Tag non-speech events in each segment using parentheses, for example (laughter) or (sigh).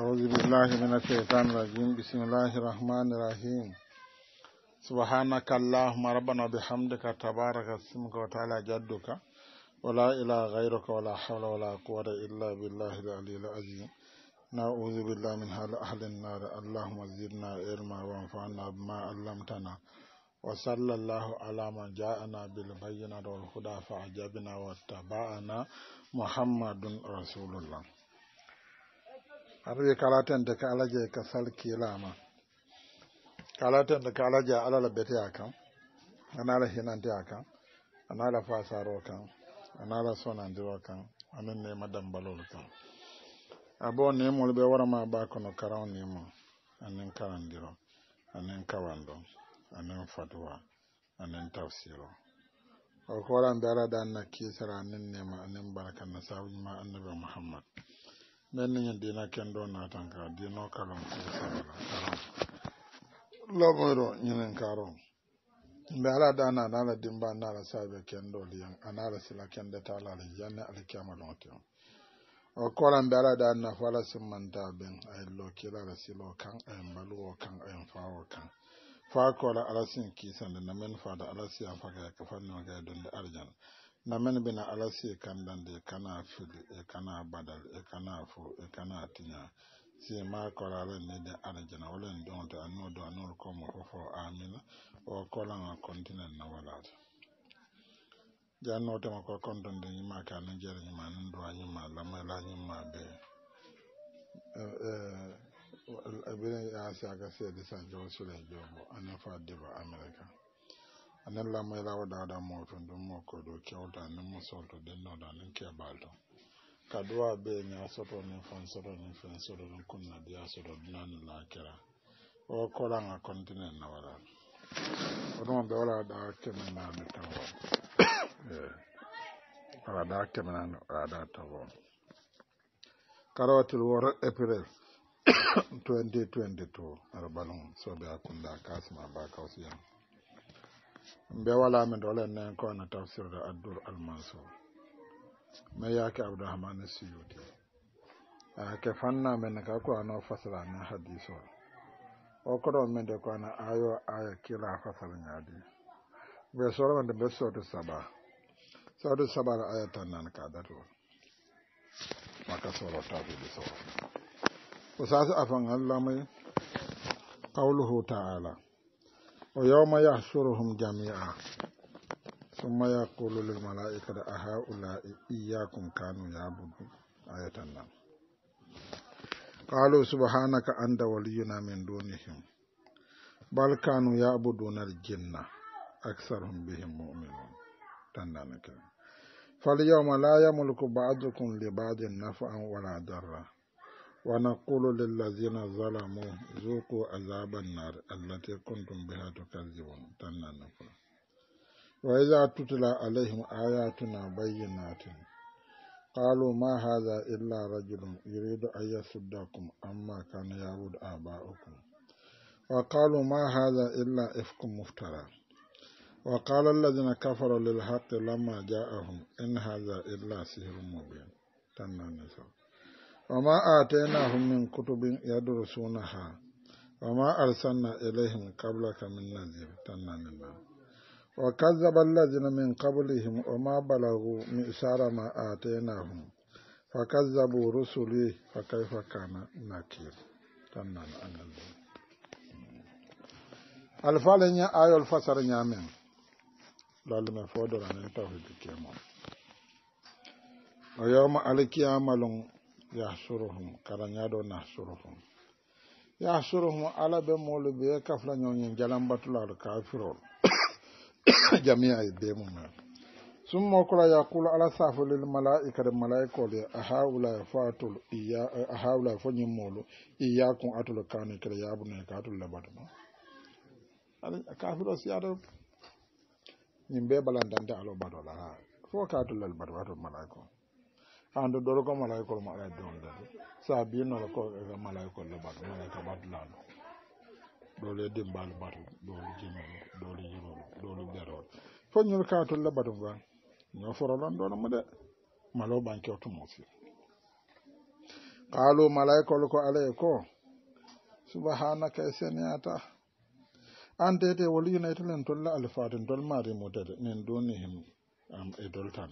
أعوذ بالله من الشيطان الرجيم بسم الله الرحمن الرحيم سبحانك اللهم ربنا بحمدك تبارك اسمك وتعالى جدك ولا إله غيرك ولا حول ولا قوة إلا بالله العلي العظيم نعوذ بالله من هل أهل النار اللهم زدنا علما وانفعنا بما علمتنا وصلى الله على من جاءنا بالبينات والهدى فأعجبنا واتبعنا محمد رسول الله kalatan da ka alaje ka kalatan da ka alaje alala beteya kan anala hinanteya kan anala fasaro kan anala sonandiro kan amin nema dambalol kan abo nemol wara warama ba kono karaw nemo anin karandiro anin kawando anin fatuwa anin tafsiro o koran ɓe alaɗa anna kisara anan nema na Sabu ma annabi muhammad menniñe dina ken ɗo natan ka dino kalon lomoyro ñinen karon mbe ala dana anala dimba anala saabe ken ɗo liyan anala sila kende tala ala janne ala kiyama lon ten o kola mbe ala da nafo ala simmanta ben ayen lo kila ala silo kan ayen baluwo kan ayen fawo kan fa kola ala sin kisande namen fada ala siya fakaya ka fannoga donde arjana na men bina ala si e kan dande e kana fili e kana badal e kana fo e kana tiña si ma kola ala ni de arjana wala en jonto an nodo an ko mo fofo amina o kola nga kontinen na walata jannote ma ko kontonde ñima ka no jere ñima nan duwa ñima lamala ñima be birin ya sa ka sai da san jawo su da jobo an nafa diba amerika anin a wata moton ɗum mo koɗo kewta anin mo solto ɗennoɗo anin keɓalto kaduwa ɓe ña soto nin fan soto nin fen soto na kunna diya soto dunani lakira o koɗanga continue na waɗa oɗum ɓe wala ɗa keminani ala ɗa eh. keminani ala ɗa tawo karotil woro april 2022 arbalum soɓe hakkunde a kasma ba kawsiyan mbe wala min dole ne ko na tafsir da addur Almansu mai yake abdurrahman suyuti a ke fanna min ka ko ana fasala na hadiso o ko min da ko na ayo aya kila fasalin yadi be soro min da be so to saba so to saba aya tan nan ka da to maka soro ta bi so usasa afan allah mai qawluhu ta'ala ويوم يحشرهم جميعا ثم يقول للملائكة أهؤلاء إياكم كانوا يعبدون آية النام قالوا سبحانك أنت ولينا من دونهم بل كانوا يعبدون الجنة أكثرهم بهم مؤمنون تنانك فاليوم لا يملك بعضكم لبعض نفعا ولا ضرا ونقول للذين ظلموا ذوقوا عذاب النار التي كنتم بها تكذبون تنانكم وإذا تتلى عليهم آياتنا بينات قالوا ما هذا إلا رجل يريد أن يصدكم عما كان يعود آباؤكم وقالوا ما هذا إلا إفك مفترى وقال الذين كفروا للحق لما جاءهم إن هذا إلا سحر مبين تنانكم wa ma atainahum min kutubin yadrusunaha wa ma arsalna ilaihim qablaka min nadhir tananna wa kazzaba alladhina min qablihim wa ma balagu misara ma atainahum fakazzabu rusuli fa kaifa kana nakir tannan annabi alfalen ya ayol fasar nyamen lalme fodora nen tawhid kemo o yawma alkiyama lon yahsuruhum karañaɗo nahsuruhum yahsuruhum ala be molu be kafla ñoñin jalambatulal kafirol (coughs) jamia e be mumen summa kula yaqulu ala safu lil malaika de malaika li ahawla fatul iya ahawla fo ñimmolu iyakum atul kane kele yabune ka atul labatuma kafiro siyata ñim ɓe ɓalandante alo baɗol fo ka atul lal baɗo atul malaika ande ɗorogo malaikol maɗa e dongal sabinola ko malaikolle baɗ malaika baɗlano ɗole dimbal baɗl ɗole jimol ɗole yirol ɗole ɗerol fo ñol katolle baɗum ba ñoforolon ɗono mu de malo banke o tumosi kalu malaikol ko alay ko subahanaka e seniyata antete wol united len tolle alfaten tol mari mutede nin duni him am e doltan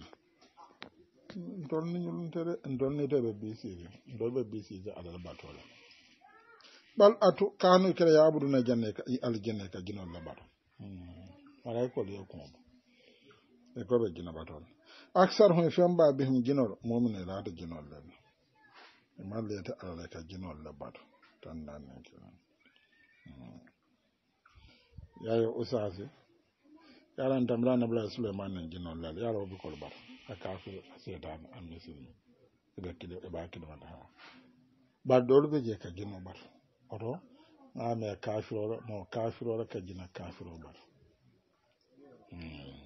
bɛ ntolni ñuluntere ntolniteɓe bisiji ntolɓe bisiji alal batole ɓal atu kanu kere yabuduna janne aljanne ka jinol labato aray kol yo kumobo e koɓe jina batol hmm. aksar hum femba bi hum jinol mumine laata jinol len e mallete alala ka jinol bato, tan nannen kiran hmm. yayo usasi yaran tamra nabla suleiman nen jinol lal yaro bi kol bato kafe sedan amni sini ga kido e baki do wala ba dolbe je ka jino bar oto na me kafiro mo kafiro ka jina kafiro bar mm.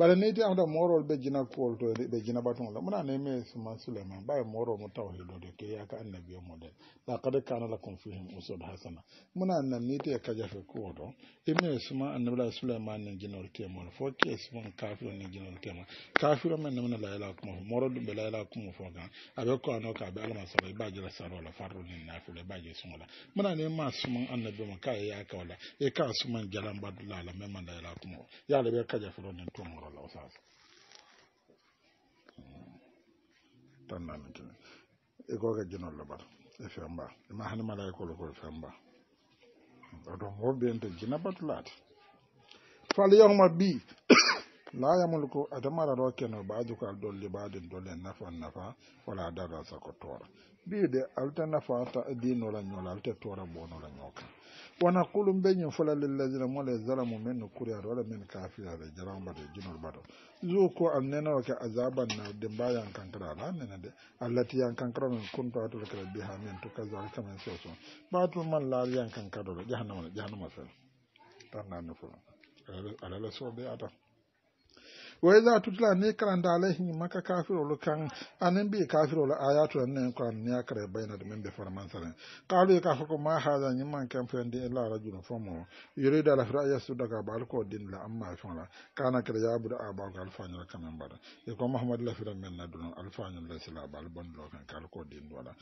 bara ne ti amta morol ɓe jina kuwol to ɓe jina batugol la mona neme suma souleyman ɓawi morol mo tawhido de ke yaka annabi o model lakad kana lakum fihim usod hasana mona nan ni te kajafe kuwo to ime suma annabila souleyman nin jinol temol fo ke ne kafiro nin jinol temol kafiro men namna layla kuma fo morol ɗum ɓe layla kuma fo gan aɓe koano ka ɓe alama sara ba jira sarola farru nin nafila ba je sumola mona ne ma suman annabi mo ka e yaka wala e ka suman jalan badulala men ma layla kuma yala ɓe kajafiro nin tumoro walla o saasa tan naani kene e kooke jinolle bata e femba ima hani malaykolo koye femba oɗon wobbiyente jina batulaate fal yawma la ko al dolli baadin dole nafa nafa wala darra sako toora ɓiide alte nafa ta dinola ñoola alte wana kulun benyo fula lillazina mwale zalamu menu kuri ala wala menu kafira ala jarang bata jinur zu ko amnena waka azaba na dembaya nkankara ala amnena de alati ya nkankara na kuntu watu lakira biha amin tuka za alika mensiwa suwa batu man lari ya nkankara ala jahannama jahannama sana tanga anu fula alala suwa be ata wa a tutla ne karanta alaihim maka kafirolu kan anin bi kafirolu ayatu ne kan ne akare bayna da min be farman sanan qalu ka fa kuma hada ni man kan fa ndi illa rajul famu da ala fira su daga bal ko din la amma fa la kana kare ya buda aba ga alfanya kaman bada e ko muhammad la fira men na dun alfanya la sila bal bon do kan kal ko din wala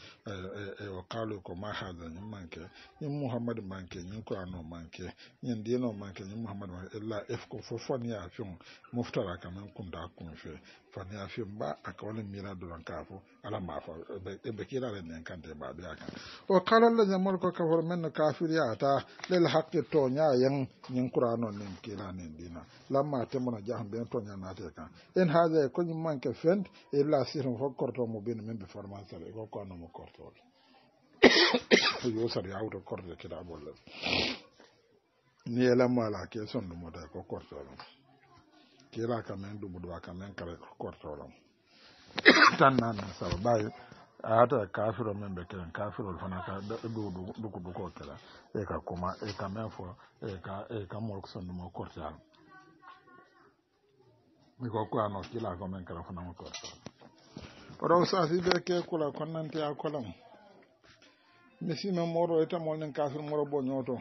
e wa qalu ko ha hada ni man ke ni muhammad man ke ni ko ano man ke ni ndino man ke ni muhammad illa ifku fofon ya fi muftara kaman kunda kunfe fani ya fi ba a kawalin mira duran kafu ala mafa ebe kira da kan kanta ba biya kan o kalan la jamar ko kafar men kafir ya ta lil haqqi to nya yan nyin qur'anon nin kira nin dina lamma te mona jahan ben to nya na te kan en haza e ko nyum manke fend illa e sirun hokkorto mo bin men be formation e ko ko no mo korto (coughs) yo sar ya auto korde kira bolle ni ela mala ke son mo da ko korto kira ka men dubu dubu ka men kare korto lam tan nan na sa bay ata kafiro men be ken kafiro fana ka dubu dubu dubu dubu kotela e ka kuma e ka men fo e ka e ka mo ko sonu mo korto lam mi ko kwa no kila ka men kare fana mo korto lam oro sa fi be ke kula konnante akolam mesima moro eta mo len kafiro moro bo nyoto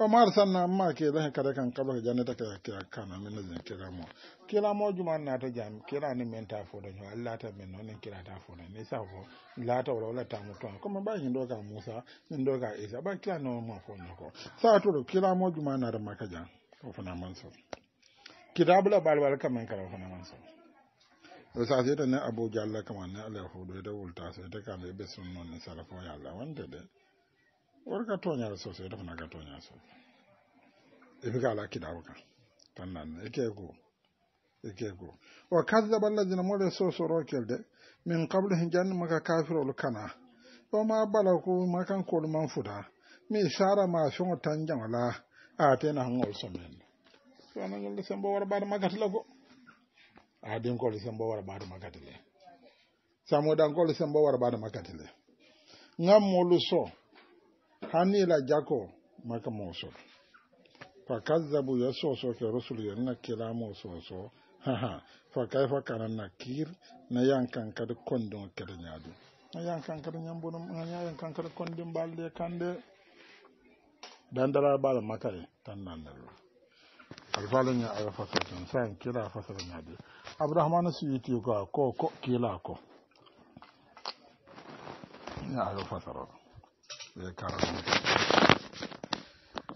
Omar mar sanna ma ke da kada kan kaba janata ka kira kana min zan kira mu kira mu juma na ta jami kira ni men ta fo da nyo Allah ta min non kira ta fo ne sa fo la ta wala wala ta mutu kuma ba yin doka Musa ni doka Isa ba kira no mo fo ne ko sa to kira mu juma na da jan ko fana manso kitabula balbal kamen kara fana manso sa sai da ne Abuja Allah kamar ne Allah ya da wulta sai ta kana be sunnon ne ya Allah wanda da. wonka toñare sosee defanaka toña so e ifika ala kidawo kan tan nanne e keko e keko e e wa kadaba alladina moɗe sosorokel de min qable he janni maka kafirol kana o ma bala ko ma kankolu man fuda mi sara ma feŋo tan jamala atena hanŋol somen sonagol sembo wara bata magati lago a dinkol sembo wara bata magati le samudankol sembo wara bata magati le ŋammolu so hani la jako maka moso fakazzabu ya soso ke rusul ya na kilamo soso haha fa kai kaifa kana kir na yankan kad kondon kada nyadu na yankan kada nyambo na yankan kada kondon balde kande dandara bala makare tan nan nan alfalin ya aga fasalcin sayan kila fasalin ya dai abrahmanu su yi tiyo ko ko kila ko ya aga fasarar ɓe kara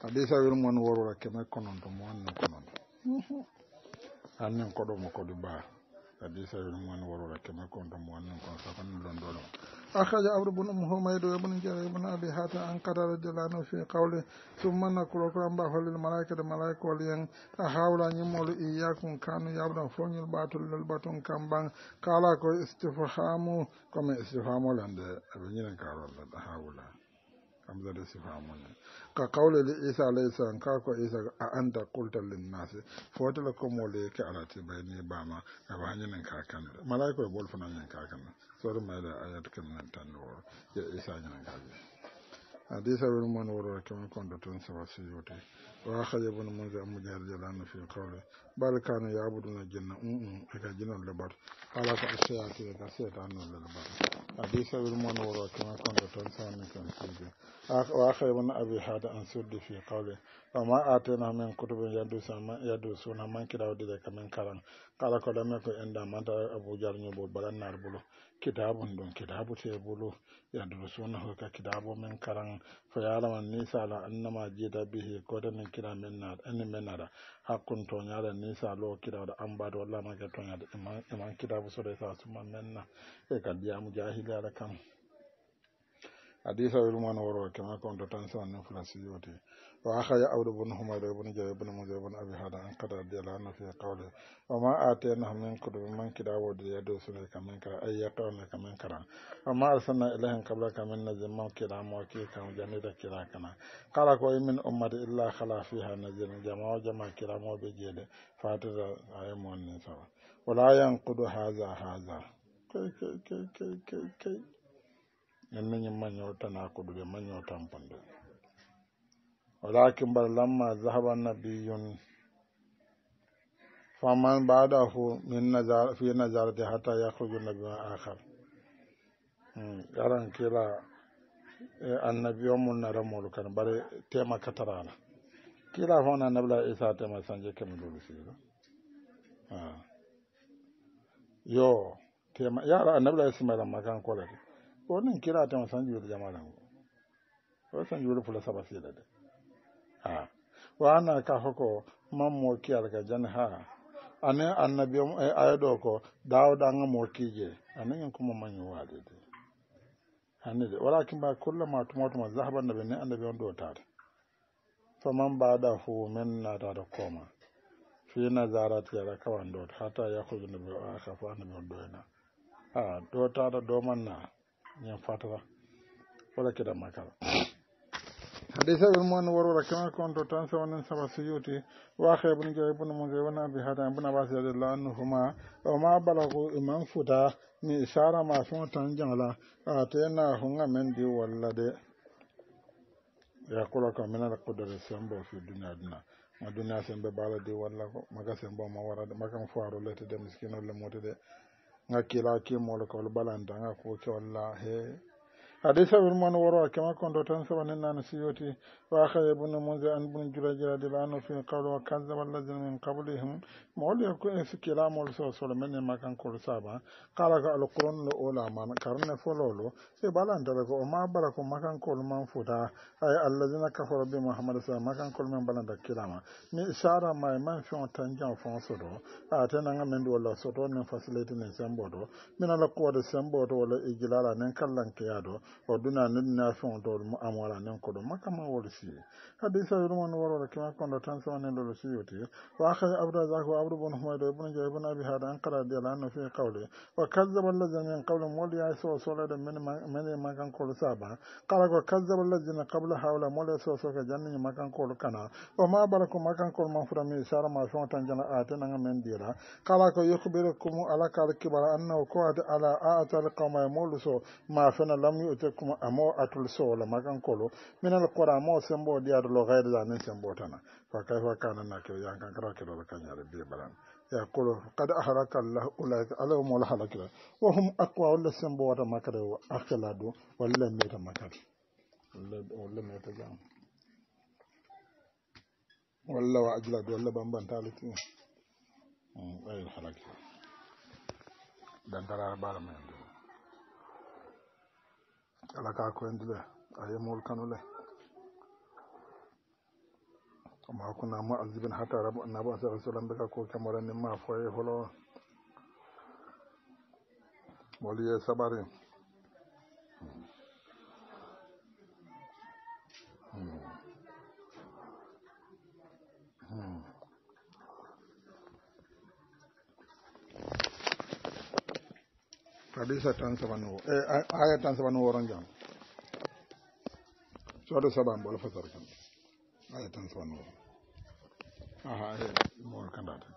hadisa wirmon worora keme kononto mo wanni kononto annin koɗomo koɗi baa hadisa wirmon worora keme konto mo wannin kono safanni londoɗom أخرج عمرو بن حميد وابن جرير بن أبي حاتم عن قتادة جلانه في قوله ثم نقول قرآن به للملائكة الملائكة ولين أحاول أن يمول إياكم كانوا يبنى فون الباطل للباطل كم بان قال كو استفهام كما استفهام لند أبنين كارول أحاول famu ne ka kawle da isa laisa ka ko isa a anta qulta lin nas fotala ko mo le ke alati bayni bama a ba nyen nan kakan malaiko e bol fana nyen kakan kan so mai da ayat kan nan tan ya isa nyen ka a disa man wor ko kon do ton so yote وأخذ ابن منذر أم جهل جلان في قوله بل كانوا يعبدون الجنة أمم إلى جنة لبر على الشياطين كسيت عن لبر حديث المن وراء كما كنت تنسى من كنسيبه وأخذ ابن أبي حاد أن سد في قوله وما آتنا من كتب يدوسون من كلا وديك من كرم قال قد مكو عند مدى أبو جهل نبول بلا نار بلو كتاب دون كتاب تيبولو يدوسون هكا كتاب من كرم to yaraman nisala annama jida bihi kota min kira minnaɗa anni minnaɗa hakkun to yara nisalo kirawɗa ambaɗo walla make to yaɗa iman kitabu sore sa suma menna e ka ndiyamu jahili ala kam adisa wirumano woro kema kon to tan sewanni fula siyote وأخي عبد بن حمير بن جاي بن موسى بن أبي هذا أن قد رضي الله عنه في قوله وما آتيناه من كتب من كدا ود يدوس لك من كرا أي يقرأ لك من كرا وما أرسلنا إليهم قبلك من نزل من كدا موكيك وجنيد كرا كنا قال أكو من أمة إلا خلا فيها نزل جماع جماع كرا مو بجيد فاتر أيمون نساء ولا ينقض هذا هذا كي كي كي كي كي كي من من يمنيو تناقض بمنيو تنبندو walakin bal lamma zahaba nabiyun faman ba'dahu min nazar fi nazarati hatta yakhruju nabiyyun akhar garan hmm, kila eh, annabiyo mun nara molu kan bare tema katarala kila fona nabla isa tema sanje kem dulu siro yo tema yara annabla ismaila kira tema sanje wala jama'a waana ka hoko man moki alga jan ha ane annabi ayodo ko dawda anga moki je anan kuma man yi walide hanide walakin ba tuma tuma zahaban nabi ne annabi on do tare faman bada hu minna na da koma fi nazarat ya rakawan dot hata ya kuzu da bai aka fa na bai doyna a dota da doman na ne fatara wala ki da makara hadisa ɓe mowoni worwora kema konto tan so wonen saba suyuti waxe bun joyi bun muse wona bi hada bun abasi radiallahu anhuma o ma balagu iman futa ni sara masu fo tan jangla a tena hunga men di walla de yakula ko minal qudare sembo fi duniya duna ma duniya sembe bala di walla ko maga sembo ma wara de de de nga kila ki ko balanta nga ko he hadisa wilmon worwa kema kondo tan sabanin nana C_O_T. واخر ابن منذر ان ابن جريج رضي الله عنه في قول وكذب الذين من قبلهم مولي يكون كلام سكيلا مول سوسول من ما كان كل سابا قال القرون الاولى ما كان فلولو سيبالان درك وما برك ما كان كل من فدا اي الذين كفروا بمحمد صلى الله عليه ما كان كل من بلان دكيلاما ni isara mai man fi wata jan fon sodo a ta nan min wala sodo nin facility ne sembo do min ala ko da sembo do wala igilala nin kallan kiyado الشيء حديث يروم أن ورور كما كنا تنسى أن الوسيوتي وأخذ عبد الرزاق وعبد بن حميد وابن جاي بن أبي هذا أنقر رضي الله عنه في قوله وكذب الذين من قول مولى يسوع صلى من من ما كان قول سابا قال وكذب الذين قبل حول مولى يسوع صلى جنة ما كان قول كنا وما بارك ما كان قول من فرمي سار ما شون تنجنا آتنا من ديرا قال يخبركم على كالكبر أنه قد على آتى القوم يمولسو ما فينا لم يؤتكم أمو أتلسو لما كان قولوا من القرآن sembo diyaɗo lo hayde yanin sembo tana fa kay e fa kanana kiro yan kan kara kiroro kañare bi balan yakulu kad aharaka llah ulaika alaw mola halakira wa hum aqwa walla sembo wata makare o akala do walla meta makare walla meta jam walla wa ajla do walla bambantalitin ayil hmm, e halakira dantarara ɓaala mumen do ala ka koyendile a yemol kanule وما كنا معذبين حتى ربنا بعث رسولا بك كو كمرا مما فوي فلو ولي صبر hadisa tan sabanu eh aya tan sabanu woron jam so saban bol fasar kan aya tan sabanu Eh, mor kanda ta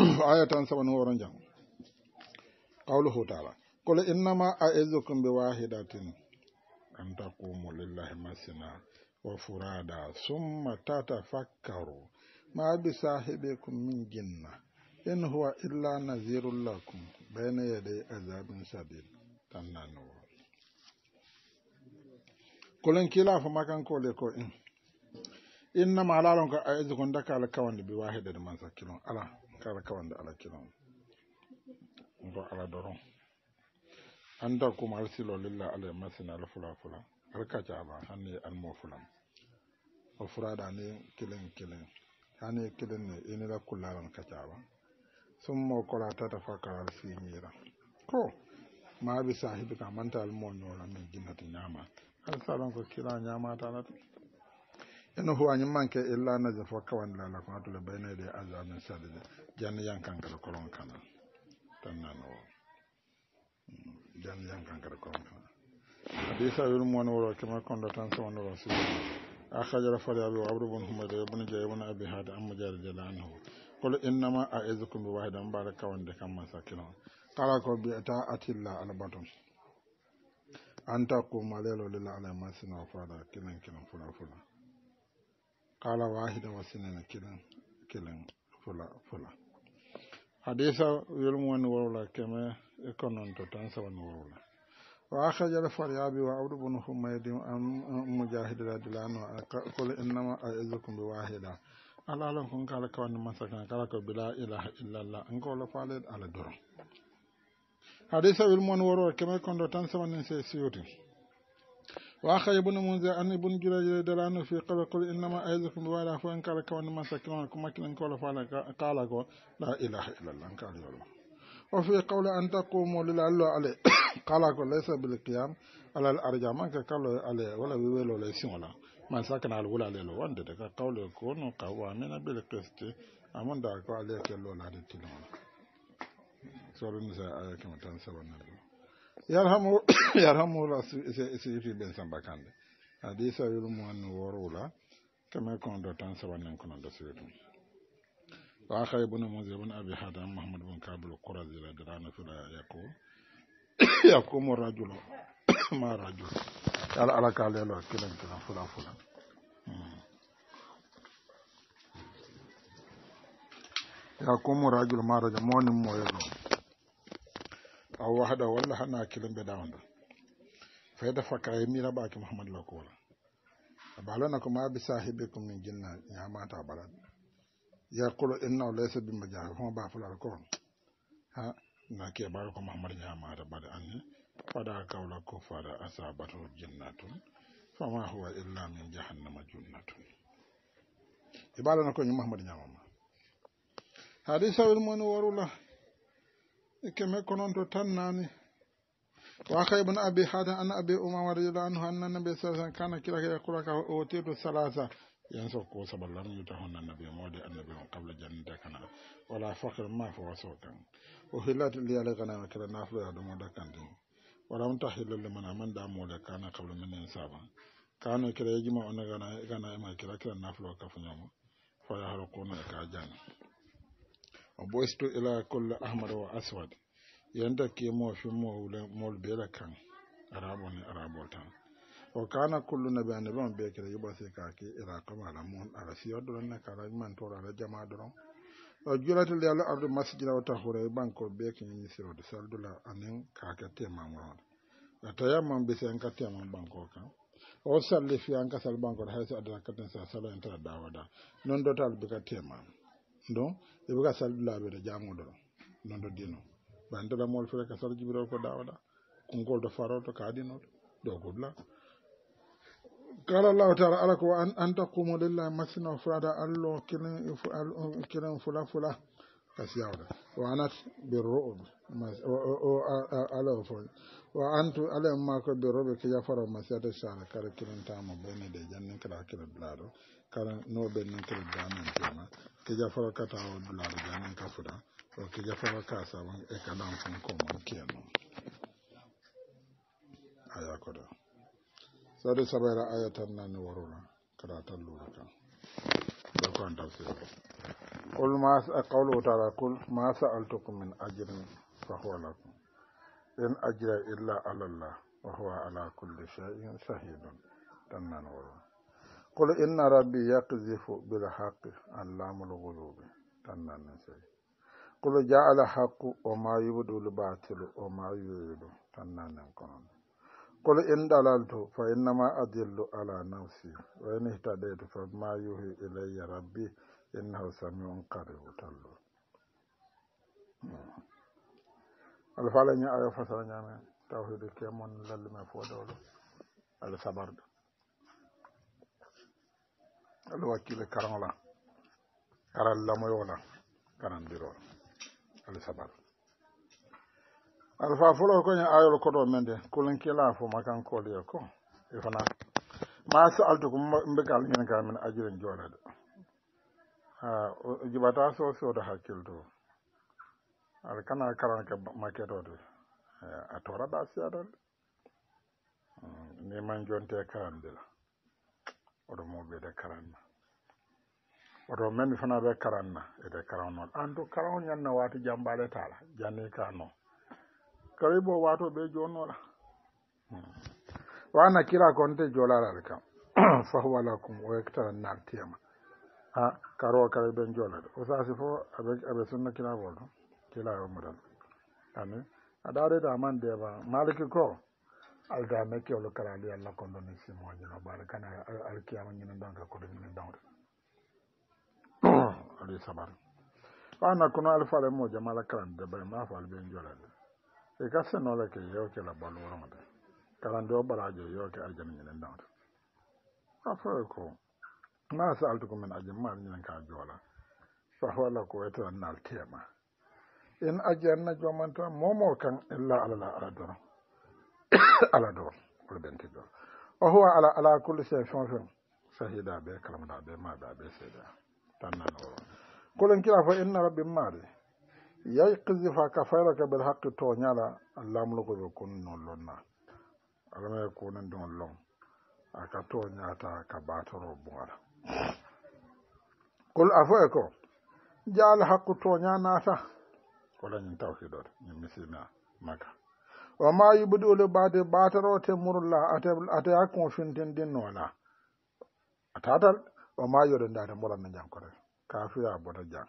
(clears throat) aya tan saban qawluhu ta'ala qul innama a'izukum bi wahidatin an taqumu lillahi masna wa furada summa tatafakkaru ma bi sahibikum min jinna in huwa illa nazirun lakum bayna yaday azabin shadid tannanu kulan kila fa makan kole ko in innama alaalon ko a idi kon daka ala kawande bi wahidede man sakkilon ala ka ala kawande ala kilon ngo ala doron anda kum alsilo lillah ala masine ala fula fula alka caaba hanni almo fulam o furaɗa ni kilin kilin hani kilin ni inila kullalan ka caaba summo kola tata fa ka alsiñira ko maabi sahibi ka manta almo ñoola min jinnati ñama alsalon ko kila ñamatalata ina huwa ñi manke illa na fo kawan la ko atule bayna de azamin sadde jan yankankata kolon kana tan nano o jan yankankata kolon kanal hadisa wel mon woro kema kondo tan sowon woro si akhajara ya o abdou bon humade e bone jeeya bone abi haade amma jaade jala ho qul inna a a'izukum bi wahidan on mbaɗa kawande kam masakin on kala ko ta atilla alabatum an ko lelo lila ala masina o faada kinan kilan fura-fura. kala wahida wasinene kilin kilin fula fula hadisa wilmu wani wawla keme e konnonto tan sawani wawla wa akhrajal faryabi wa awdu bunu humaydi am mujahid radhiyallahu anhu qul innama a'idhukum bi wahida ala lan kun kala kawani masaka kala ko bila ilaha illa allah an ko la falid ala dur hadisa wilmu wani wawla keme e kondo tan sawani se siyuti وأخرج ابن منذر أن ابن جريج دلان في قال قل إنما أعظكم بوالا فإن قال كون ما سكنكم كن قال فانا قال لا إله إلا الله ان قال يولو وفي قول أن تقوموا لله عليه (coughs) قال قال ليس بالقيام على الأرجاء ما كقالوا عليه ولا بيولو ليس ولا ما سكن على ولا ليلو وانت قول يكون قوامنا بالقسط أمن دعكوا عليك اللولا لتلون سورة النساء آية كما تنسى ونبي (coughs) yarhamu la sigifi bensamba kande abi hada mahmud bin kabul kurazi ya ko (coughs) (coughs) a waaɗa walla hana hakkile mbeɗawa ndon feyda fakka e miraɓaki mouhamadou lakoola a balana ko maɓe sahibi ko min jinna ñamata balat yaqulu innahu laysa bimajahi homo bafulal ko ha naki baɗa ko mahamadou ñamata baɗa anni faɗa kawla ko fara asabato jinna tun fama howa illa min jahannama junna tun e balana koñu mahamadou ñamama haadi sawel mon worula kemɛ kɔnɔntɔ tan naani waxa abi hada an umama radila anhu anna nabi sa sallam kana kira ka yakura salasa yan so ko saballan yu tahon nan kana wala faqir ma fa wasawtan man aman da kana qabla min insaba kana kira yajma on gana gana ma kira o boysto ila kolla ahmada wa aswad yanda ke mo fi mowle kan arabo ne arabol tan o kana kullu nabi annabi on be kira yuba se kake ila kama ala mun ala siyo doron na kala man tora ala jama doron o jurata le ala ardu masjida wa tahura e banko be ke ni siro de saldula anen kaka te mamron ataya man be se an kate man banko kan o salle fi an kasal banko hayso adana katen sa sala entara dawada non dotal be ka tema don e buga saldu laabe da jamu do non do dino e ban to ba mol fere ka sarji biro ko dawada kun gol do faro to kadi no do gudla kala allah taala ala ko an an ta kumo lilla masina furada allo kiran kiran fula fula kasiyaw da wa anat bi ru'ud o ala fo wa antu ala e ma ko bi rubi kiya faro masiyata sha kare kiran ta mo bene de jannin kala kiran bla do karan no be nan kere damin tema ke ja fara kata o dula da ganin ka fuda o ke ja ka saban e kadan fun ko man kiyano aya ko da sadu sabaira ayatan nan warura karatan lura kan da kan tafsir qul ma qawlu eh, ta'ala qul ma sa'altukum min ajrin fa in illa alallah allah wa huwa ala kulli shay'in shahidun tannan warura قل إن ربي يقذف بالحق علام الغلوب تنننسي قل جاء الحق وما يبدو الباطل وما يريد تنننكنن قل إن ضللت فإنما أدل على نفسي وإن اهتديت فما يوهي إلي ربي إنه سميع قريب تل alfalañi ayo fasaña men tawhide kemon lallima fo dowlo ala sabarde ala wakkile karanola karal lamoyola kanandirol ala sabal alfa folo koñe ayol koɗo men de kulenkila fo makankoliye ko e fana ma saaltu ko mbegal ñen ka min ajiren joɗade jibata so soodo hakkilto ala kana karanke maketode a torada seedade hmm, ni man jonte karandila oɗo ɓe ɓe karanna oto men fana ɓe karanna ede karan noon an to karan ñanna wati jambale tala janni ka no kare bo wato ɓe jonoɗa hmm. wana kira konte jolaral kam (clears throat) fahuwa lakum o yektara nartiyama ha karo kare ɓen jolade o sasi fo aɓe sunna kilabol to kilawo mudan ani aɗa areta aman deba maliki ko alda me kewlo karali allah kondo ni simo ñino ɓaala kana alkiyama ñinen ɗon ka koɗo ñinen ɗonde aɗi sabar ana kono alfare mo jamala karande bare ma fal ɓe jolade e ka senole ke yewke la bal wormade karande o ɓarajo yewke ajana ñinen ɗonde a foye ko ma saltu ko min ma maɗa ñinen ka joola fahola ko wetera naltema en ajiyanna jomanta momo kan illa ala la ala doron (coughs) ala do ɓuri ɓentiɗo o huwa ala ala kulle se fen fen sahiɗa ɓe kalamɗa ɓe maɗa ɓe seeɗa tannan oo kulen kila fo inna rabbi maɗe yay kisi fa ka fayraka bel haqqi toñala lamlugoɓe kono non lonna alamaye kunendon lon aka toñata ka batoro bugala kul afo e ko jaal haqqu toña nata kolañin tawhidoto ñin misimea makka wa ma yubdulu bade batarote murulla ta ya la, a ta tatal wa ma yoɗo ndade na jan kote ya bude jan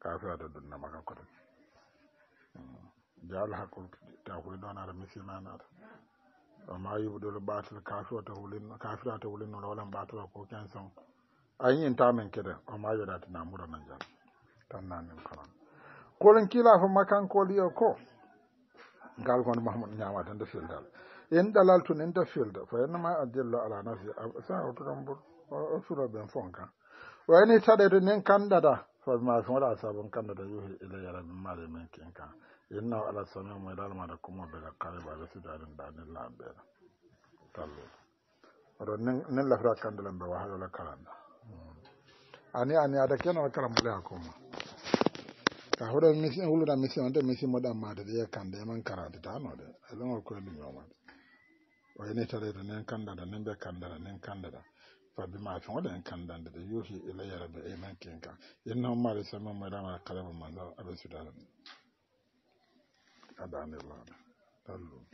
kafiya to dunnamaka kote jaal da misi na aɗa misimanata wa ma yubdulu batal kafira to hulin kafira to hulinnoola walan batoro ko yi ta min kira wa ma yoɗatina na jan na min konon kolin kila fo makankoli o ko ngal gon mahamadou ñamatande feldal en ɗalal tun en da felda fa ennama addillo ala nafsi sa otoɗon bur o suro ɓen fon kan wayni saɗede nen kanɗaɗa fabima foɗa sabon kanɗaɗa yuhi ila yara min maari min kin kan innahu ala samia mo da kumoɓeɗa da sidarin ɗanin laɓɓeɗa talluɗo oɗo nen lafira kandalan ɓe wahalola kalanda hmm. ani ani ada kenala karambaɗe hakkuma ka hoɗo misi wuluɗa misi on te misi moɗan made e de yekkande eman karatitano de alongol koye ɗum yomade da tareto nen kandada e nen ɓe kandada nen kandada fabi ma fi wadan kan dan da yuhi ila ya rabbi iman kinka inna ma da sama mai rama kalabu manzo abin su da rabbi adan Allah tallu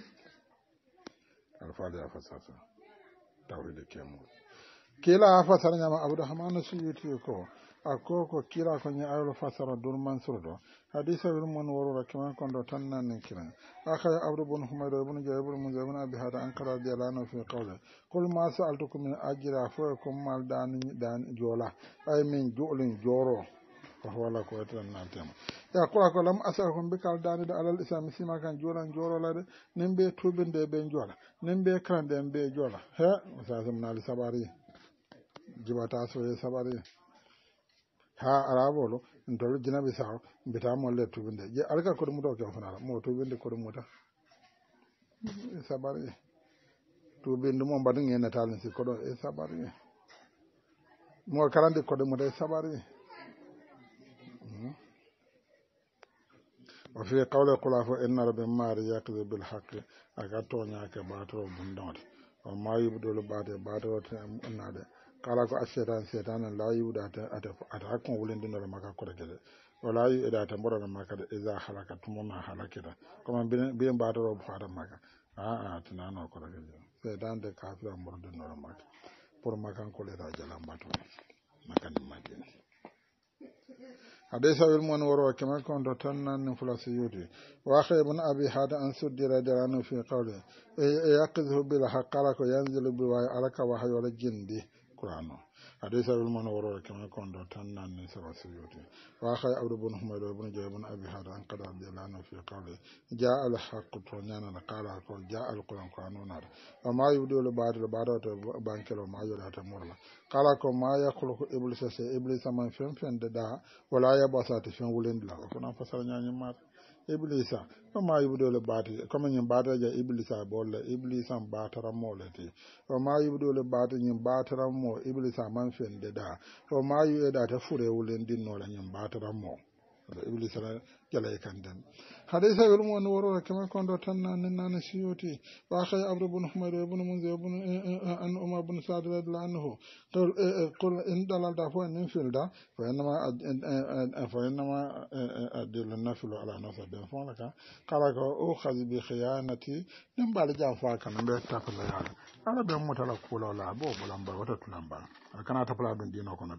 alfadi afasasa tawhid kemu kila afasar nyama abdurrahman suyuti ko akko ko kira ko ñi aylo fasara dur mansour do hadisa wel mon worora kiman kon do tan nanni kiran akaya abdou bon humaydo ibn jay ibn mun jay ibn abi hada an qara bi lana fi qawla kul ma sa'altukum min ajra fa kum mal dan dan jola ay min julin joro ko wala ko tan nan tema ya ko ko lam asar ko be kal dani da alal islam sima kan jolan joro la de nem be tobende be jola nem be kran dem be jola he sa sam nal sabari jibata so sabari ha araɓolo en tolo jinaɓe saho mbitama lle tubinde je alkal koɗo muta o kem fanara mo tubinde koɗo muta sabare tubinde mo mbaɗu ngene talen si koɗo e sabare mo karande koɗo muta e sabare mhm. wa fi qawle qula fo innar bi mari yaqdi bil haqq aga toñake batoro bundode o mayi dolo bate batoro tinade kala ko a seeda seeda na laayi wu daa tɛn a tɛ a taa wuli ndi nɔrɔ maka kɔrɔ kɛ dɛ o laayi e daa na maka dɛ e zaa hala ka tumu na hala kɛ kuma kɔmi biyɛn biyɛn baa dɔrɔn maka aa a tana naa nɔ kɔrɔ kɛ dɛ seeda de kaa fi a mura ndi nɔrɔ maka pour maka n kɔle daa jala n ba to maka ni ma jɛn. a dai sabir mun woro kamar kon da tan nan ne fulasi yudi wa akhay ibn abi had an sudira jaranu fi qawli e yaqizhu e, bil haqqala ko yanzilu bi wa alaka wa hayyul jindi kurano hadis abul mana warora kema kondo tan nan ni saba wa abdu bun humaydo bun jay bun abi hada an qada bi lana fi qawli jaa al haqq to na ko al quran ma bankelo ma ta murla kala ko ma yakhluqu iblis sa iblis man fen da Ibilisa. ma yibudole baati comme ñin baataja iblisa bolle iblisan baataranmo ti o ma yibudole man da o ma fure wulindinnola ñin jala e kanden haɗay sawi ɗum woni worora keme konɗo tan nani nane siyoti wakay abdou bune humaydo e bune munzi e an umar bune sad radiallah anhu e, e, in nin filda e, fa fa ala nafsa ko o bi khiyanati fa kana mbe tapla ala mutala bo wata kana dino kono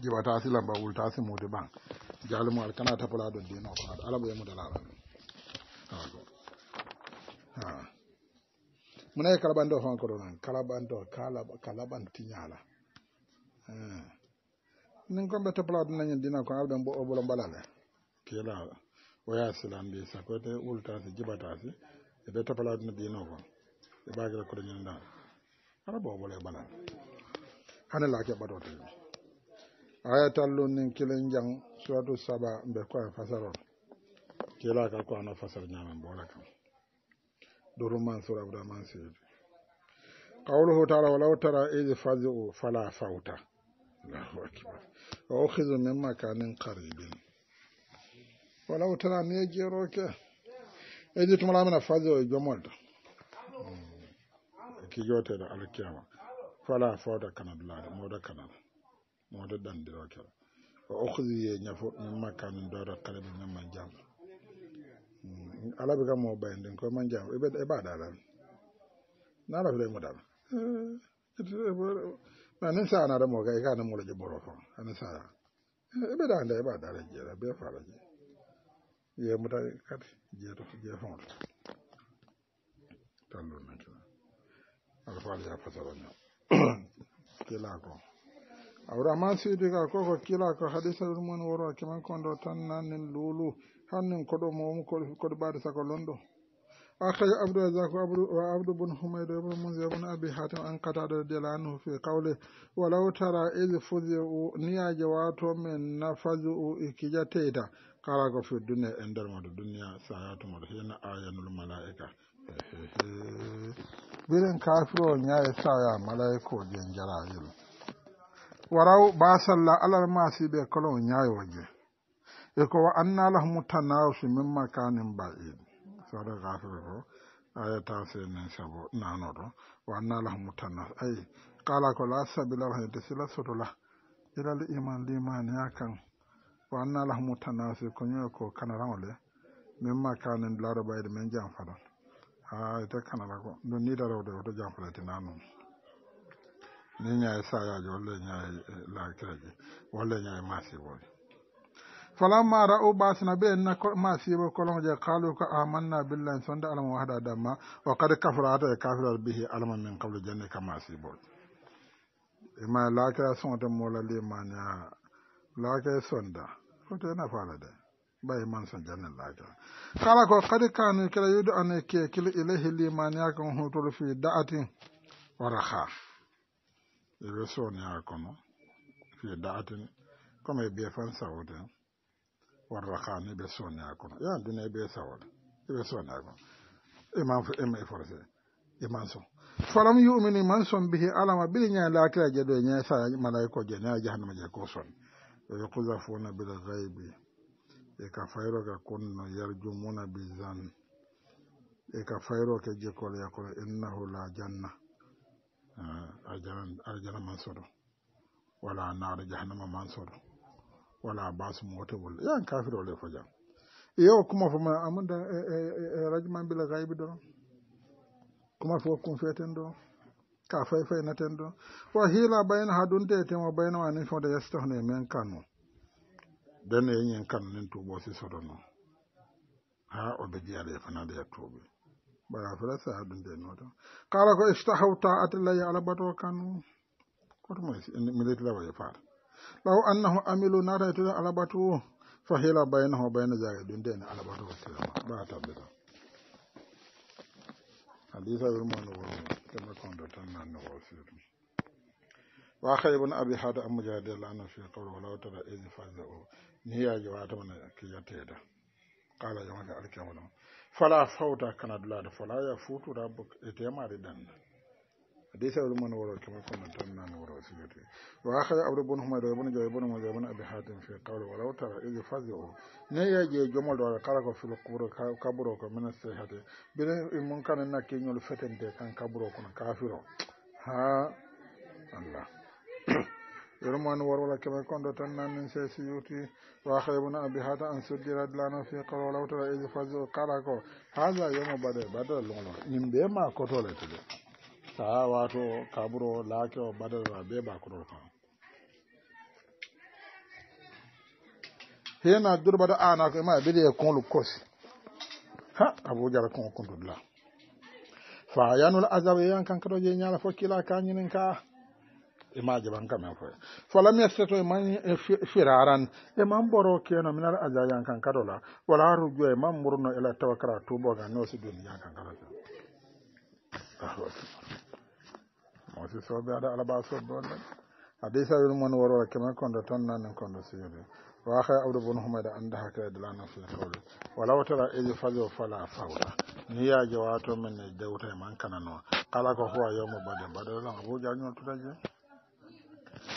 jibata silan ba ta si mudi ban jalumu mo kana ta pula do dino ko ala bu yamu dalala ha muna e kalabando hon ko don kalabando kala kalaban tinyala nin kombe to pula do nanyen dina ko abdan bo obolo balale kila waya silan bi sakote wulta si ta si e be to pula do dino ko e bagira ko nyen dal ala bo obolo balale hanela la ke badoto aya tallun nin kelen jang suratu saba mbe ko en fasaro kila ka ko ana fasar nyama bola kam durum man sura abda man sir qawluhu ta'ala wa law tara iz fazu fala fauta allahu akbar wa ukhizu min makanin qaribin wa law tara ne jero ke idi tumala mana fazu jomolta hmm. ki jote da alkiyama fala fauta kanadulade moda kanada moto dandiro kela wa ukhzi ye nyafo min makkan dora kala min man jam hmm, ala be ga mo bayin den ko man jam e be e ba dala na ala be mo dala eh, eh, ma nan sa na da mo ga e ka na mo le boro ko an sa e eh, be da nda e ba dala je la be fara je ye mo ta kat je to je fon tan do na ala fara ya fasara na kila ko aura ma su diga ko ko kila ko hadisa dum mon woro kiman kondo tan nan nin lulu hannin ko do mo ko ko baade sa ko londo akhay abdu azak abdu wa abdu bin humayd ibn munzir ibn abi hatim an qata da dilanu fi qawli wa law tara iz fuzu niya jawato men nafazu ikijateda kala ko fi dunya en der mo dunya sayatu mo hin ayanul malaika birin kafiro nya ya sa ya malaiko jinjara yulu waraw basalla alal masiɓe kala o ñaawa je e ko wa anna lahumu tanawusu min makanin baid sore gafre ko ayata senen sabo nanoto wa anna lahumu tanawusu ayi kala ko la sabila lahum te sila sotola ilal iman limaniya kan wa anna lahumu tanawusu ko ñoe ko kanaraŋole min makanin laro baid min janfalal ayita kanara ko ɗum nidarowde oto janfalati nanoo ni ñaye sayaji walla ñaye lakiraji walla ñaye masiboji falamma ra'u basina be na masibo kolon je qalu ka amanna billahi sonda alama wahda damma wa qad kafara ta kafara bihi alama min qablu janna ka masiboji ima lakira sonta mola limaniya lakira sonda foto yana fala da bai man son jannin lakira kala ko kadi kanu kila yudu an ke kila ilahi limaniya kan hutul fi da'atin wa raha e ɓe soniya kono fi daatin comme e ɓe fan sawde warra kani ɓe soniya kono ya duniya ɓe sawde ɓe soniya kono iman ima forcé iman son falam yumini man son bihi alama ɓiɗi ñaye lakira je ɗo ñaye sa malayiko je ñaye jahannama je ko son ɓeɓe kulafuna bila gaybi e ka fayroka konno yarjumuna bisan e ka fayroke jikol yakol innahu la janna arjana man soɗo wala naara jahannama man soɗo wala basum woto wol yan kafir ole fo jam yo kuma foma amuda rajman bila gaybi ɗon kuma fo kum feten do ka faifai na ten do wa hiila bayna ha ɗumte tema bayna ma nin fode yastahne men kanu ne yin kanu nin tuɓo si soɗo noon ha oɓe jeyaɗe fanade yettuɓe ɓaya fula sa haɗum de noto kala ko istahaw la ya labato kanu kotomo militilawaye faata law annahu amilu nara ta ala fa hila baynahu bayna jaga ɗum dene ala bato ba ta tabbita hadisa wirmano wormo keɓa kondo tan nanno wo مجاهد لأن في قوله ولو ترى إذ فزعوا نهي أجواتهم كي يتيدا قال يوم ذلك fala kana dulade fala ya futura etemari dande hadisa wani mana waro kamar kuma tan nan waro su yote wa akhadha abu ibn humayd wa ibn jabir abi fi qawli wa law tara idh fazu ne ya je kaburo ko min mun kan na ke kan kaburo ko kafiro ha allah (clears throat) yermani warwala keme konɗo tan nannin sesi yurti wahebuna abi hada an surdiradilano fi qalo lawtara ise fasi o kala ko haga yoma baɗe baɗere lunglo yim ɓe ma kotole tede sa wato kaburo laake o baɗerea ɓe ba kotole kam hena duro baɗa anako ima ɓeɗi e conlu kosi ha abou diara kon o kontudula fa yanul azabe yan kankatoje ñala fo kila kañinin ka imaji e ban kamen foy falam yasseto e man e e firaran e man ɓoro keno minal adiaian kan kadola wala arujo e man ɓurno ela tawa kara tuboga ni osi duniian kan kadola ah, mosi soɓe aɗa alaba soɓeolle adisa wil mon worora keme kondo tan nanni kondo siyude waaha abdou bon humaide anda hake dilana fi towle wala wotara eji fajo fala fawra ni yaji wato men ne dewta e man kananoa kala ko howa yowmo bade baɗe lon abou diaño tuta je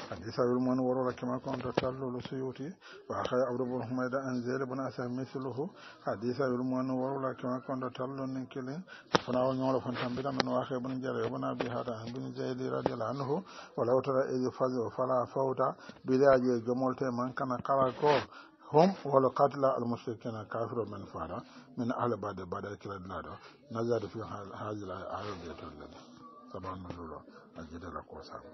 حديث أبي المنور كما كنت تسأل لسيوتي وأخي عبد بن حميد أن زيد بن أسلم مثله حديث أبي المنور كما كنت تسأل نكلين فنا ونور فنتمبر من واخي بن جرير بن أبي هذا بن زيد رضي الله عنه ولو ترى إذ فزوا فلا فوت بلا جي جمولت من كان قرأ هم والقتل المشركين كافر من فارا من أهل بعد بعد كلا نادو نزل في هذه الآية الذي سبحان الله أجد لك وسلم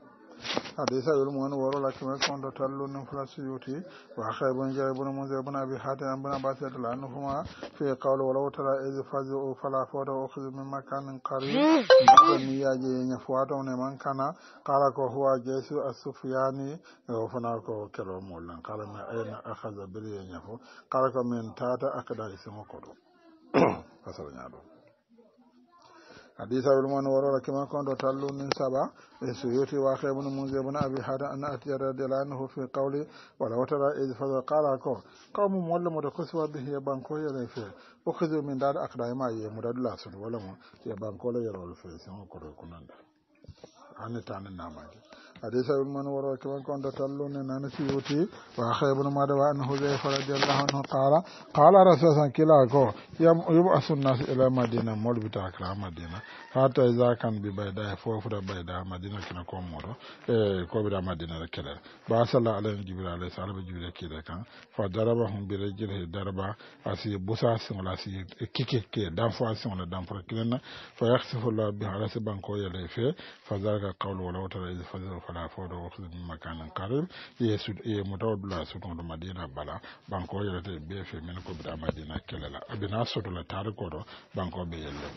حديث المؤمن ورو لك ما كون تلو نفلا سيوتي وحقا بن جاي بن منذر بن أبي حاتم بن عباس يدل عنهما في قول ولو ترى إذ فزعوا فلا فوت أخذ من مكان قريب بني يجي نفواتهم من كان قال هو جيش السفياني وفناك كلو مولا قال ما أين أخذ بري نفو قال من تاتا أكدا اسمه كدو فسر نعدو حديث أبي المنور كما كنت تلو من سبع سيوتي واخي بن منذر بن أبي حاتم أن أتي رضي الله عنه في قولي ولو ترى إذ فضل قال أكو قوم مولم ركثوا به بانكو يلفي أخذوا من دار أقدائما أي مدد لا ولم يبانكو لا يرول في سنة كنا عن تاني النامج حديث ابن منور كما كنت تلون أن سيوتي وأخي ابن ماذا وأن حذيفة رضي الله عنه قال قال رسول الله كلاكو يبعث الناس إلى مدينة مول بتاعك مدينة حتى إذا كان ببيداء فوفر بيداء مدينة كنا كوم مرو كوبرا مدينة كلا بعث الله عليه جبريل عليه السلام جبريل كذا كان فضربهم برجله ضربا أسي بوسا سنولا أسي كيكي كي دانفوا سنولا دانفوا كلنا فيخسف الله بها على سبان كويا لفه فذلك قول ولا وتر إذ فذلك fala fodo wofsani makanan karim e mutawo dula sutoɗo madina bala banko yerete be fe min ko bita madina kelela abina sotola tari banko bankoɓe yelle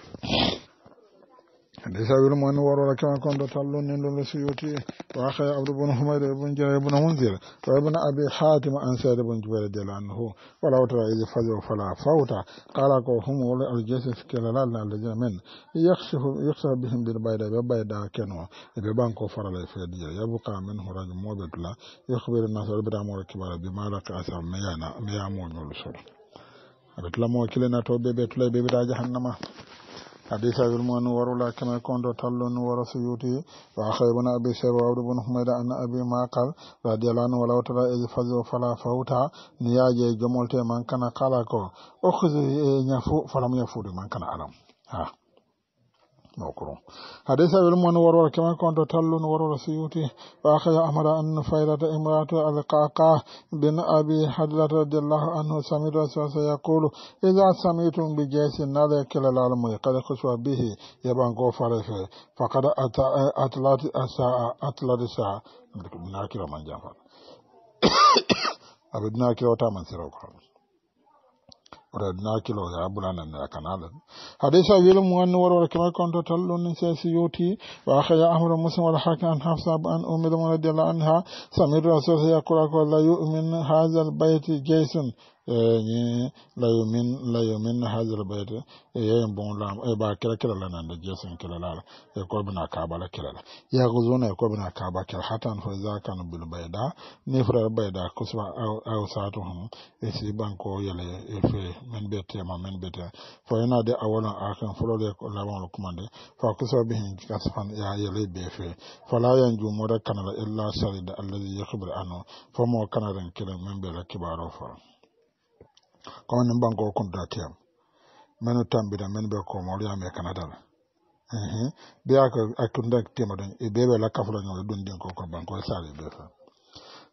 بسبب من ورور كما كنت تلون لون لسيوتي واخي عبد بن حميد بن جرير بن منذر وابن ابي حاتم عن بن جبير رضي الله عنه ولو ترى اذ فزعوا فلا فوت قال هم ولا الجسس كلا الذين من يخسف يخسف بهم بالبيد كنوا كانوا بانكو فرلا في الدجال يبقى منه رجل موبت لا يخبر الناس بالامر الكبار بما لك اثر ميانا ميامون الرسول أبتلا موكلنا توبي بيتلا بيبي راجع النما abi sa'idul mu'min waru la kama kondo tallon waru suyuti wa khaybuna abi sa'id wa ibn humayda anna abi maqal radiyallahu anhu wa law tara iz fazu fala fauta niyaje jomolte man kana kala ko okhuzi nyafu fala mu yafu man kana alam نوكرو حديث بالمن ورور كما كنت تلون ورور سيوتي وأخي أحمد أن فائدة امرأة القعقاع بن أبي حدلة رضي الله عنه سمعت رسول يقول إذا سمعتم بجيش نادى كلا العالم قد خسوا به يبان غفر فقد أتلت الساعة أتلت الساعة من أكل من جنفر أبدنا كلا وتامن سيرا radna kilo ya bulana na kanala hadisa wilu muwan warwar kamar konto tallo nin sai su yoti wa akha amru muslim wal hakim an hafsa an ummi radiyallahu anha samir rasul ya kura ko la yu'min hadha al bayt jaysun ni layomin layomin hazal bayt e, yayin bon lam e ba kira kira la nan da jesin kira la e ko bina ka ba la kira la ya go zona e ko bina ka ba kira hatan fa zakan bil bayda ni fra bayda kusba aw satu hum e si ban banko yele e fe men bete ma men bete fa yana de awalan akan folo de ko la bon kumande fa kusba bihin kasfan ya yele be fe fa la yan yanju mura kanala illa sharida allazi yakhbar anu fa mo kanaran kira men be la kibaro fa kama nin banko kundatiyam menu tambida men ɓe komoriyame kanada e, la biya ko akunda tema ɗon e ɓeɓe lakkafula ñoɗo ɗum ɗin koko banko e sali fa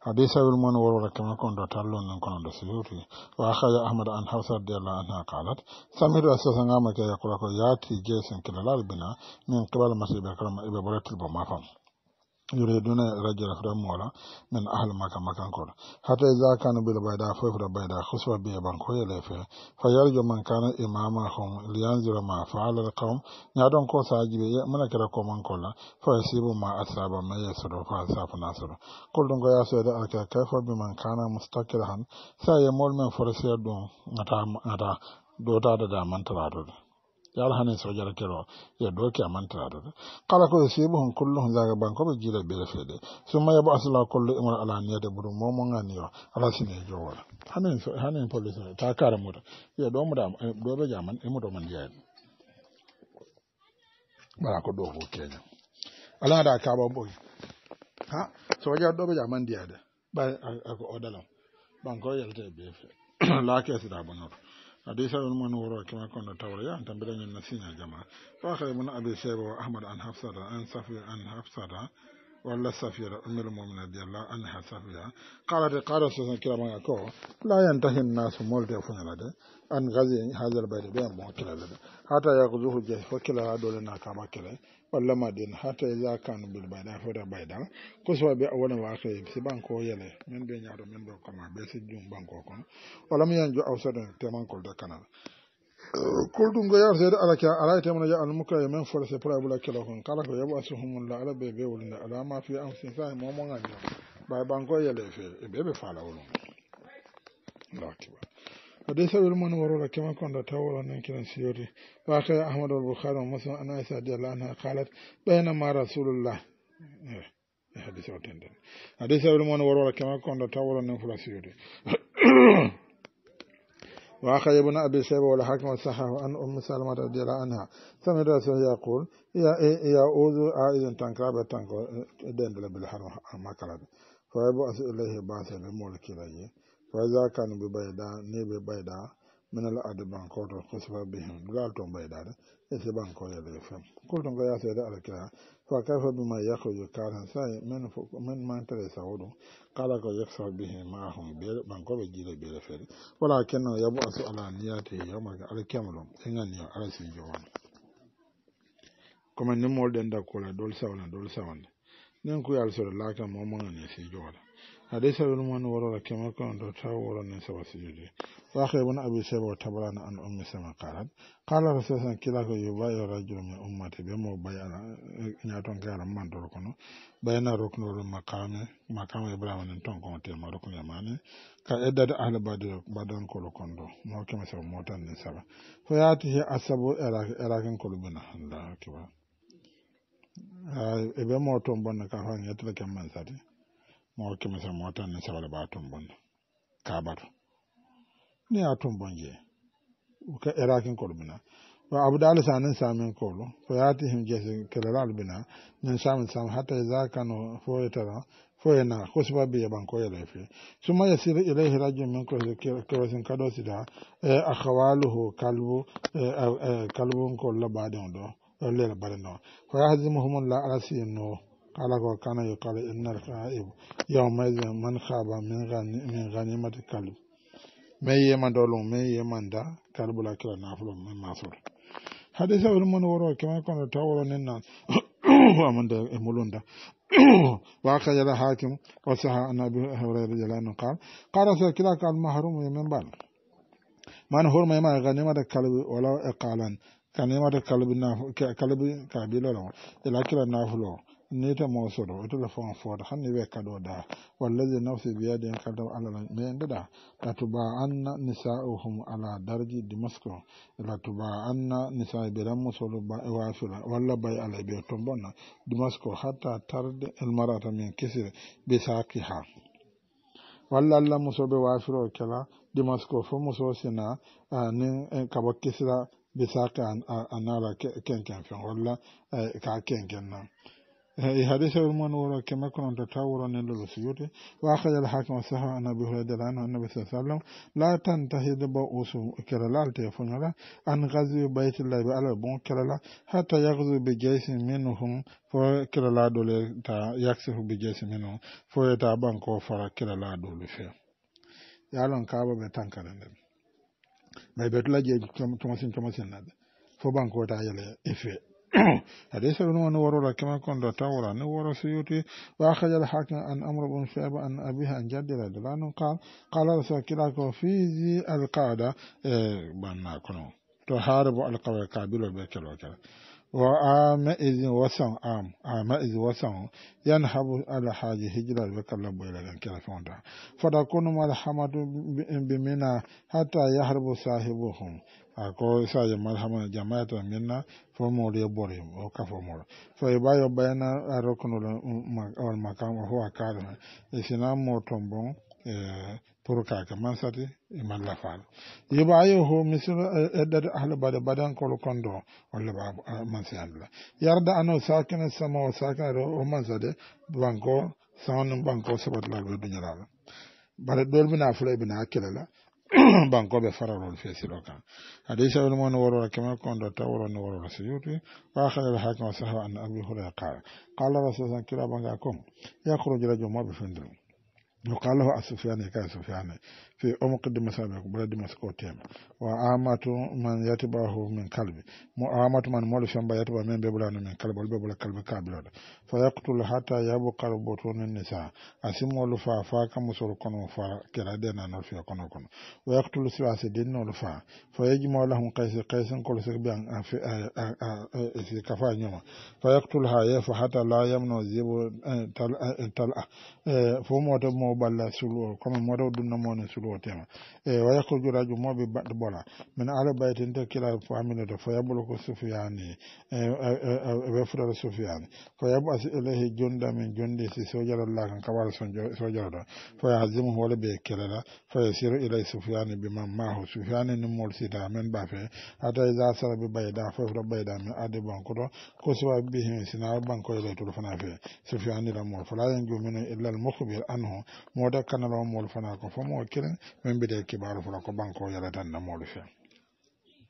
hadisa wel mon worwora kema kondo tallon nen kono do siyuti wa akhaya ahmad an hafsa radiallahu anha qalat samiru asasa ngama ke yakura ko yaati la kilalal bina min qibal masiɓe karama eɓe ɓoratil ma yuridune rajar hudan mola min ahal maka makan kor hata za ka nu bil bayda fo hudan bayda khuswa biya ban ko ya lefe fa yar man kana imama hum liyan zira ma fa al qawm ya don ko sa jibe mana kira ko man kola fa yasibu ma asaba ma ya sura fa asafa nasara kul dun ga ya sa da al ka kafa bi man kana mustaqilan sa ya mol men forsiya don ata ata dota da da man tarado yaro hanin sojara kero ya doke a mantara da kala ko sai buhun kullun zaga ban ko jira bele fede summa ba asla kullu imar ala niya da buru momon ngani yo ala sine jowol hanin hanin police ta kara mu ya do mu do be jaman mu man jaye bara ko do ko kenya ala da ka ba boy ha do be jaman diade ba ko ban ko yelte be fe la ke sida bonoro hadisa ɗon wuro a kima konno tawra ya tan mbiɗa ñamna siña jama wakare mon abi sai o ahmad an hafsata an safi an hafsata walla safira ummel mumin radiallahu anha safiya qalate qala kira kiramaga ko la yantahi nnasu molde da an gazi hasal bai da mo kilale da hata yakuzuhu jeyi fo kila ha dole na kama kila. walla madin hatta iza kanu bil bayda fota baydan kosowa ɓe wona wakay si banko yele min ɓe ñaato min ɗo kama ɓe sijjum banko kono walla mi yanjo awsaɗen temankol de canada kolɗumgo yar seede ala ke ala temana ja almuka e men forcé pour abula kelo kon kala ko yaɓa suhumulla ala ɓe ɓe wolinde alama fi an sin sa e momogaño ɓay banko yele fe e ɓe ɓe faala wolum lawtiba hadai sabi lumani waro da kima kwan da ta wuri wannan kiran siyoti ba ka yi ahmadu al-bukhari wa masu ana isa da yalla ana kalat bayan ma rasulullah hadai sabi lumani waro hadai sabi lumani waro da kima kwan da ta wuri wannan kiran siyoti (coughs) wa aka yi bin abin shaiba wa lahakin an umu da jira an ha sami da sun ya kul ya ozu a izin tankara bai tankara idan da labin har فإذا كانوا ببيدا نيبي بيدا من الأرض بانكوتو خسف بهم قال توم بيدا إذا بانكو يلي فم قلت لهم يا سيدي أركا فكيف بما يخرج كان ساي من من من تري سعود قال كو يكسر به معهم بير بانكو بجيل بير فيل ولكنه يبعث على نياته يوم الكامل إن نيو على سيجوان كما نمول دندا كولا دول ساونا دول ساونا نين كو يالسر لاكا مومون نسيجوان hadisa wani wani wuri da kemar kan da ta wuri ne sa wasu yuri za ka yi wani abu sai bala na an umar sama karat kala da sai san kila ka yi bayan rajin mai umar ta mu mawa bayan ina ton kai ran man da rukunu bayan na rukunu wurin makame ya bala wani ton kuma taimar rukunu ya mani ka yadda da ahalin badi badan kolo na wakil masa motar nan ba ko ya tafi asabu irakin kulubina da ake ba ebe mawa ton bane kafa ne mo kimisa mo tan ne sabal ba ka bar ni a tumbon je ka erakin kolmina wa abu da alisa nan samin kolo ko ya tihim jesi kelala albina nan samin sam hatta za kano foye tara foye na ko su ba ya ban koya lafi su ma yasiru ilaihi rajul min ko kewasin kado si da e, akhawaluhu kalbu e, e, kalbun ko labadin do lele barino fa yahzimuhum la arasiyin no قال وكان يقال إن الغائب يومئذ من خاب من غنيمة الكلب من يمن دولو من يمن دا كلب لا كلا نافل من ماسور حديث أول من وراء كما كان تاولون الناس ومن دا إمولون دا وأخرج الحاكم وصح أن أبي هريرة جلاله قال قال سكلا قال محروم من بال من هرم يما غنيمة الكلب ولو إقالا غنيمة الكلب ناف كلب كابيلا إلى كلا نافلو nita mosoro o telefon foto hanni we kado da wallahi nafsi biyadi en kadam ala la me ngada la tuba anna nisa'uhum ala darji dimasko la tuba anna nisa'i biram mosoro ba e wafila walla bay ala be tombona dimasko hatta tarde el marata min kisire be saki ha walla alla musobe wafiro kala dimasko fo muso sina ni e, kabo kisira be saka anara kenken fen walla e, ka kenken nan Eh, ihadisa wuri mwani wuro kema kuna ndata wuro ni lulu sujuti wa akhaja la hakima saha anabi huwe dela anu la tan tahidu ba usu kera la alti yafunga la an gazi yu bayti la yu ala bon kera la hata yagzu bi jaisi minu hum la dole ta yaksi hu bi jaisi minu ya ta banko fara kera la dole fe ya lon kaba be tanka nende mai betula je tumasin tumasin nade fo banko ta yale efe حديث ابن منور كما كنت تورا نور السيوطي واخرج الحاكم عن امر بن شعب عن ابيه عن جده رضي قال قال رسول كلاك في ذي القاده بنا كنو تحارب القوي قابل بكل وكذا وعامئذ وسن عام عامئذ وسن ينهب على حاج هجرة بكلا بويلة لنكلا فوندا فتكون ملحمة بمنا حتى يهرب صاحبهم ako sa jamal hamana jama'ata minna fomol ye borim o ka fomol so e bayo bayna rokunul wal makam wa huwa kalima e sina mo tombon pour kaka man sati iman lafal yubayihu misir eddade ahle bade badankol kondo walla ba mansi allah yarda ano sakina sama o sakina o mansade banko sawnu banko sabat laɓe duñalala bara ɗolbina fula ibina hakkilala (clears throat) bankoɓe fararol feesiɗo kan hadisa woni moon worora keme kondo tawroni worora so yuuti wahalel hakim o saha an abi hurayra qala qala rasul sa kirabaga kom yakruj rajul moɓe fendirum yo kallahu a sufiane ka sufiane fi omkidi masadak ɓuradi ma siko tema wa amatu man yatibahu min kalbi mu amatu man molu femba yatiba min ɓe ɓurano min kalbi ol ɓe ɓura kalbi kabilode fa yaktul hatta yabu kalbo tuni nisa asimolu fa fa ka musol kono fa kera denanol fiya kono kono wa yaktul siwasi dinnolu fa fa yejimo lahum kaysi kaysin kol sik ɓe si kafa ñoma fa yaktul ha yefa hatta la yamno zibu eh, eh, tal a eh, fo moto mo balla sulu kono moto ɗum namone sulu وتما إيه، ويخرج رجل ما ببعض بولا من على بيت تكلا فامنة فيبلغ سفيان بفر إيه، إيه، سفيان فيبعث إليه جندا من جندي سجل الله كان كبار سجل فيهزمه ولا بيكلا فيسير إلى سفيان بما معه سفيان نمول سيدا من بافه حتى إذا سر ببيدا ففر بيدا من أدي بانكرو كسوا بهم سنا بانكو إلى تلفنا فيه سفيان لمول فلا ينجو منه إلا المخبر عنه مودا كان لهم مول فناكو فمو كلن min mbiɗe kibaru fula ko banque o yaratan namoɗo fe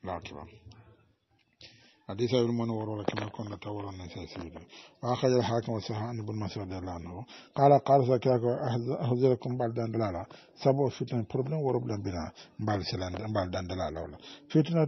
lakibar حديث ابن منور ولكن كنا تورا نسيسيد وأخرج الحاكم والصحة عن ابن مسعود لأنه قال قال سكاك أهزلكم بلدان دلالة سبع فتنة بروبلم وروبلم بنا بلسلان بلدان دلالة ولا فتنة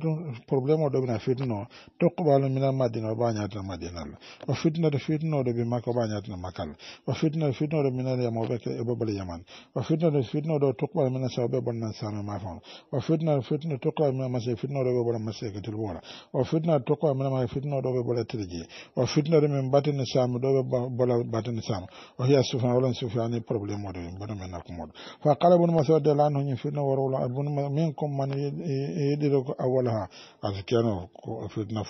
بروبلم ودبنا فتنة تقبل من المدينة وبانية المدينة وفتنة فتنة ودبما كبانية المكال وفتنة فتنة من اليموبك إبابل اليمن وفتنة فتنة تقبل من السبب بنا سامي ما فهم وفتنة فتنة تقبل من المسيح فتنة ودبنا مسيح كتلبورة وفتنة تقبل ko minama e fitno ɗo ɓe ɓola tirji o fitnode e e, min batini samu ɗo ɓe ɓola batini samu o hiya sufan olan sufani probléme oɗo yim bono men nakkumoɗo fa kala bun fitno bun min kom man yiɗiro ko awol ha ko fitna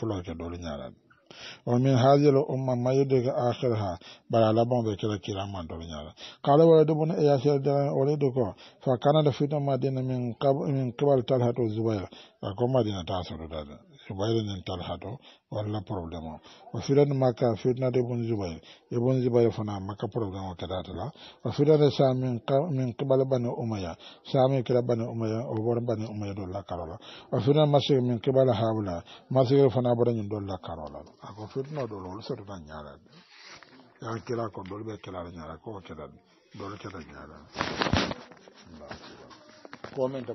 zubair nin talha to walla probléme o o firani makka firnade ibun zubair ibun zubair fana makka probléme o kedatala o firani sa min min qibal bani umaya sami kira bani umaya o bor bani umaya do la karola o firani masir min qibal hawla masir fana bora ñin do la karola ako firno do lol soto tan ñaalade ya kira ko dol be kila ñaala ko kedat dol kedat ñaala ko men to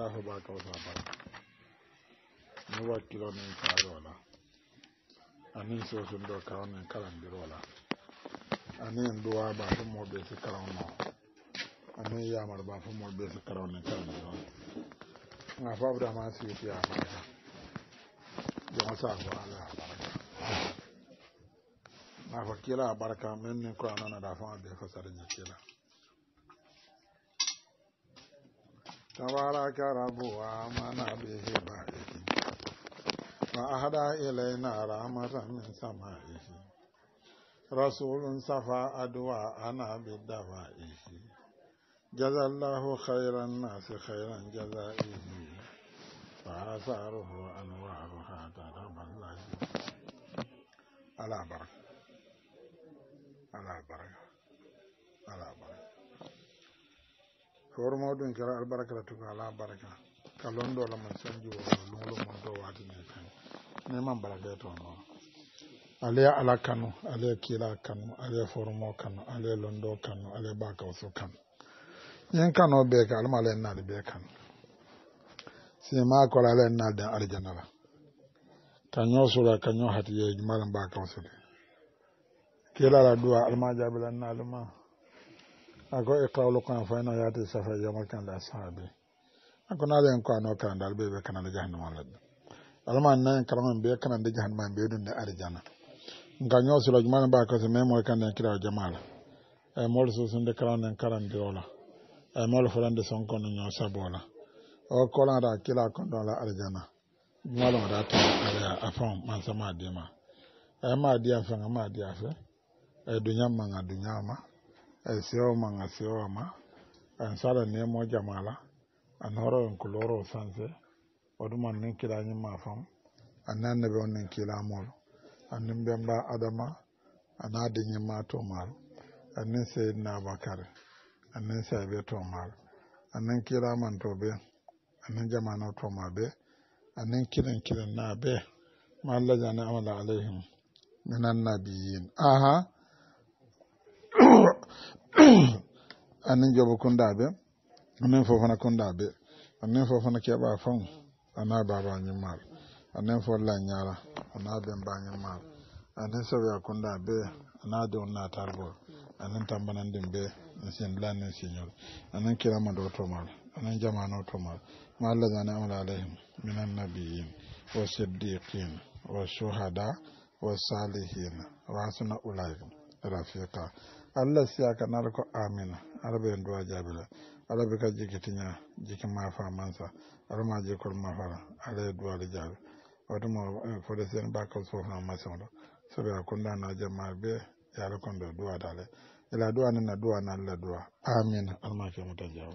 ala fo ba wala, bara ni wakkilo nin kaarola anin sosundo biro wala, kalandirola anin duwa ba be moɓe si karaw no anin yamar ba fo moɓe si karaw nin kalandirola nga fawdama siiti a baraka jama saafo ala a baraka nafa kila a baraka min nin ko na da fo a ɓe fasara ñakkila تبارك رب وآمن به بائه فأهدى إلينا رحمة من سمائه رسول صفى أدواءنا بدوائه جزى الله خير الناس خيرا جزائه وآثاره أنوارها الله على بركة على بركة على بركة hoore mawɗum kera albarka latu ko ala baraka ka londola man sanjiwo lunglo mon to waadine kan mai man barake to noon alaya ala kanu alaya kila kanu alaya forumo kanu alaya londo kanu alaya bakauso kanu yin kano be ka alma alaya nnaali be kanu si ma kola alaya nnaali den aljana la ka ño sura ka ño hatiye jumalan bakauso de kila la duwa alma jabila nnaali ma ako ikawlu kan fa ina yati safa yawma kan la sahabi ako na len ko kan dal be be kan la jahannama la alma nan karaman be kan da jahannama be dun da arjana nga nyo sulo jumana ba ka se me mo kan den kira jama'a e mo so sun de karan den karan de ola e mo lo fulan de son kon nyo sabola o ko la da kila kon do la arjana malo da ta ala afon man sama de ma e ma di afen ma di afen e dunya ma nga dunya ma en sewo man a sewoma en sara nemo jamala an horo en kuloro sanse oɗuman nin kilañima fam anni annabi on nin kilamolo annin mbemba adama ana diñimma tomaro annin seydna abakare annin saybe tomaro annin kilamanto ɓe annin jamano toma ɓe annin kilen kilen na ɓe ma allah amala alayhim minan nabiyin aha (clears throat) anin joba kundaɓe anin fofana kundaɓe anin fofana keɓa fon ana babañin mal anin folla ñara ana ben bañin mal anin sewya kundaɓe ana dewo natalbo anin tambanandin be sinlanin siñol anin kiramado tomal anin jamano tomal ma allahjani amla alayhim min annabiyin wa siddiqin wa suhada wa salihin wa hasuna ulaika rafiqa allah siyaka nar ko amina arabe en duwa jabila arabe ka jikitiña jiki ma famansa arama wata ma fara ala duwaɗo jaabi otomo eh, fode sen bakal sofna masoɗo na jama'a kundana ya be da duwa duwaɗale ila duwa nena duwa na allah duwa amina almakemo tan jawa